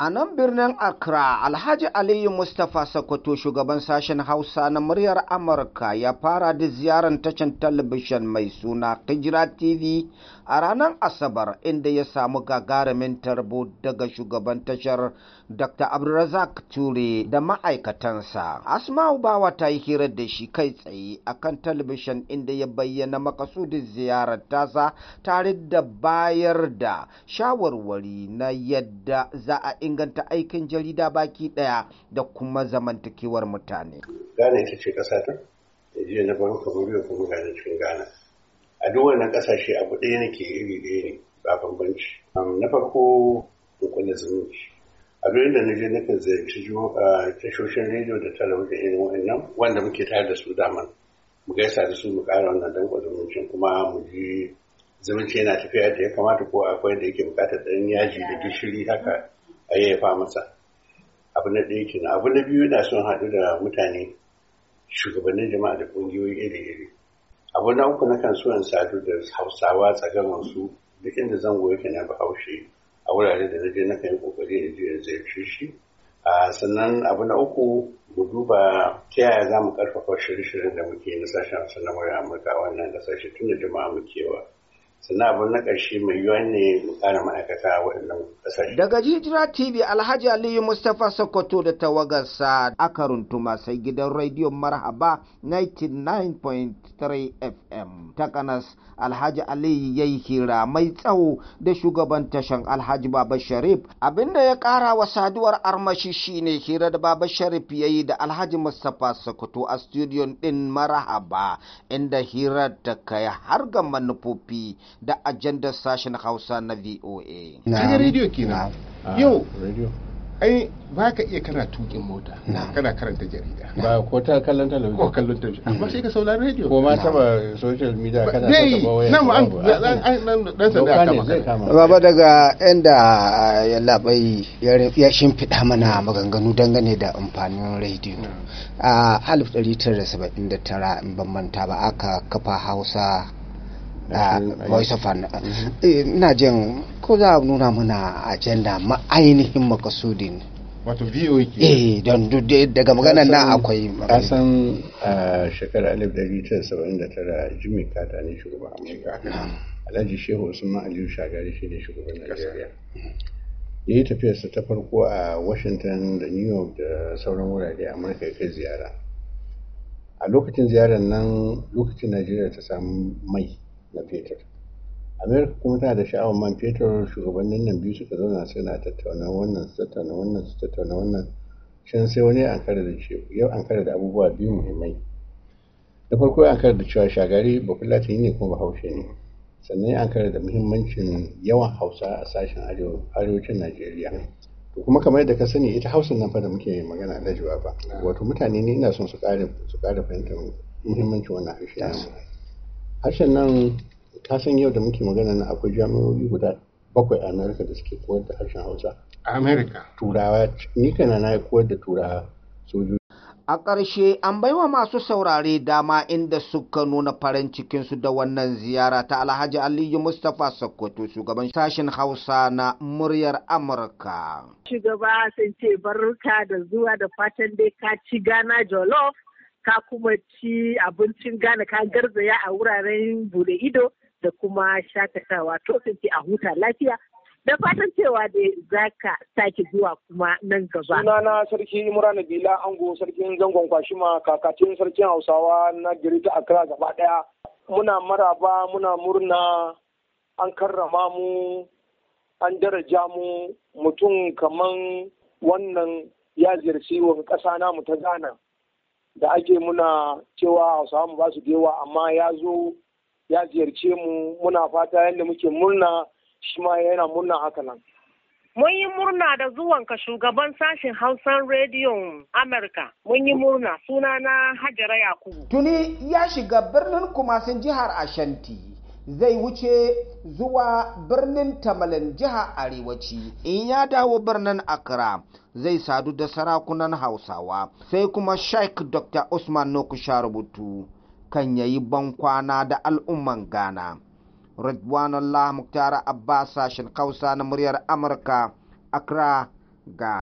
A nan birnin Accra, Alhaji Aliyu Mustapha Sokoto shugaban sashen Hausa na muryar Amurka ya fara da ziyarar tashin talabijin mai suna Hijira TV a ranar Asabar inda ya samu gagarumin tarbo daga shugaban tashar Dr. Abdulrazak Ture da ma'aikatansa. Asma'u Bawa ta yi hira da shi kai tsaye a kan talabijin inda ya bayyana makasudin ziyarar tasa tare da bayar da shawarwari na yadda za a inganta aikin jarida baki ɗaya da kuma zamantakewar mutane. Ghana ita ce ƙasa ta, jiya na ban Cameroon kuma ga cikin Ghana. A duk wannan ƙasashe abu ɗaya ke iri ɗaya ne ba bambanci. Na farko da zumunci. abin da na je na kan ziyarci tashoshin rediyo da talabijin irin wa'annan wanda muke tare da su daman mu gaisa da su mu ƙara wannan danƙo zumuncin kuma mu ji zumunci yana tafiya da ya kamata ko akwai da yake buƙatar ɗan yaji da gishiri haka a yayyafa masa abu na ɗaya kenan abu na biyu yana son haɗu da mutane shugabannin jama'a da ƙungiyoyi iri-iri abu na uku na kan so in sadu da hausawa tsagaman su duk inda zango yake na bahaushe a wurare da na je na kan yi ƙoƙari in je zai fi shi sannan abu na uku mu duba ta yaya za mu karfafa shirye-shiryen da muke na sashen sanarwar amurka wannan kasashe tun da jama'a mu kewa sannan na ƙarshe mai yiwuwa ne ƙara ma'aikata waɗannan ƙasar. Daga Jijira TV Alhaji Aliyu Mustapha Sokoto da tawagarsa aka runtuma sai gidan rediyon Marhaba 99.3 FM. Takanas Alhaji Aliyu ya yi hira mai tsawo da shugaban tashan Alhaji Baba Sharif. Abinda ya ƙara wa saduwar armashi shine hira da Baba Sharif ya yi da Alhaji Mustapha Sokoto a studio ɗin Marhaba inda hirar ta kai har ga manufofi. da ajandar sashen hausa na voa kaga rediyo kenan ah, yau ai ba ka iya kana tukin mota kana karanta jarida ba ko ta kallon talabijin ko kallon talabijin amma sai ka saurari rediyo ko ma taba social media kana taba waya nan an nan dan sanda kama baba daga inda ah, ya labai ya shimfiɗa mana maganganu dangane da amfanin rediyo ah, a 1979 in ban manta ba aka kafa Hausa voice ah, eh, of ina jin ko za a nuna mana agenda ma ainihin makasudin wato voa e ke eh don daga maganar na akwai kasan a shekarar 1979 jimmy carter ne shugaban amurka alhaji shehu usman aliyu shagari shi ne shugaban najeriya mm. ya yi tafiyarsa ta farko a washington da new york da sauran wurare amurka ya kai ziyara a lokacin ziyarar nan lokacin najeriya ta samu mai na fetur amerika kuma ta da sha'awar man fetur shugabannin nan biyu suka zauna suna tattauna wannan su tattauna wannan su tattauna wannan can sai wani an da ce yau an da abubuwa biyu muhimmai da farko an da cewa shagari latin ne kuma bahaushe ne sannan an kare da muhimmancin yawan hausa a sashen arewacin najeriya to kuma kamar yadda ka sani ita hausa nan fa da muke magana da jawa ba wato mutane ne ina son su kare su fahimtar muhimmancin wannan harshe harshen nan ta san yau da muke magana na akwai jami'o'i guda bakwai a amerika da suke koyar da harshen hausa a amerika turawa ni kana na koyar da turawa sojoji a ƙarshe an baiwa masu saurare dama inda suka nuna farin cikinsu da wannan ziyara ta alhaji aliyu mustapha sokoto shugaban sashen hausa na muryar amurka shugaba sun ce barka da zuwa da fatan dai ka ci gana jolof. ka kuma ci abincin gane ka garzaya a wuraren bude ido da kuma shakatawa to ce a huta lafiya da fatan cewa da za ka sake zuwa kuma nan gaba. Sunana Sarki Imran Bila Ango Sarkin Zangon Kwashima kakatin Sarkin Hausawa na gari ta Accra gaba ɗaya. Muna maraba muna murna an karrama mu an daraja mu mutum kaman wannan ya ziyarci wa ƙasa namu ta Ghana. da ake muna cewa hausawa mu ba su yawa, amma ya zo ya ziyarce mu muna fata yadda muke murna shi ma yana murna haka nan. Mun yi murna da zuwanka shugaban sashen Hausan Rediyon Amurka. Mun yi murna sunana Hajara Yakubu. Tuni ya shiga birnin kumasin jihar Ashanti. zai wuce zuwa birnin tamalin jiha arewaci in ya dawo birnin accra zai sadu da sarakunan hausawa sai kuma sheikh dr usman nokusha rubutu kan yayi bankwana da al'umman ghana ridwanullah muktara abbas sashen kausa na muryar amurka accra ga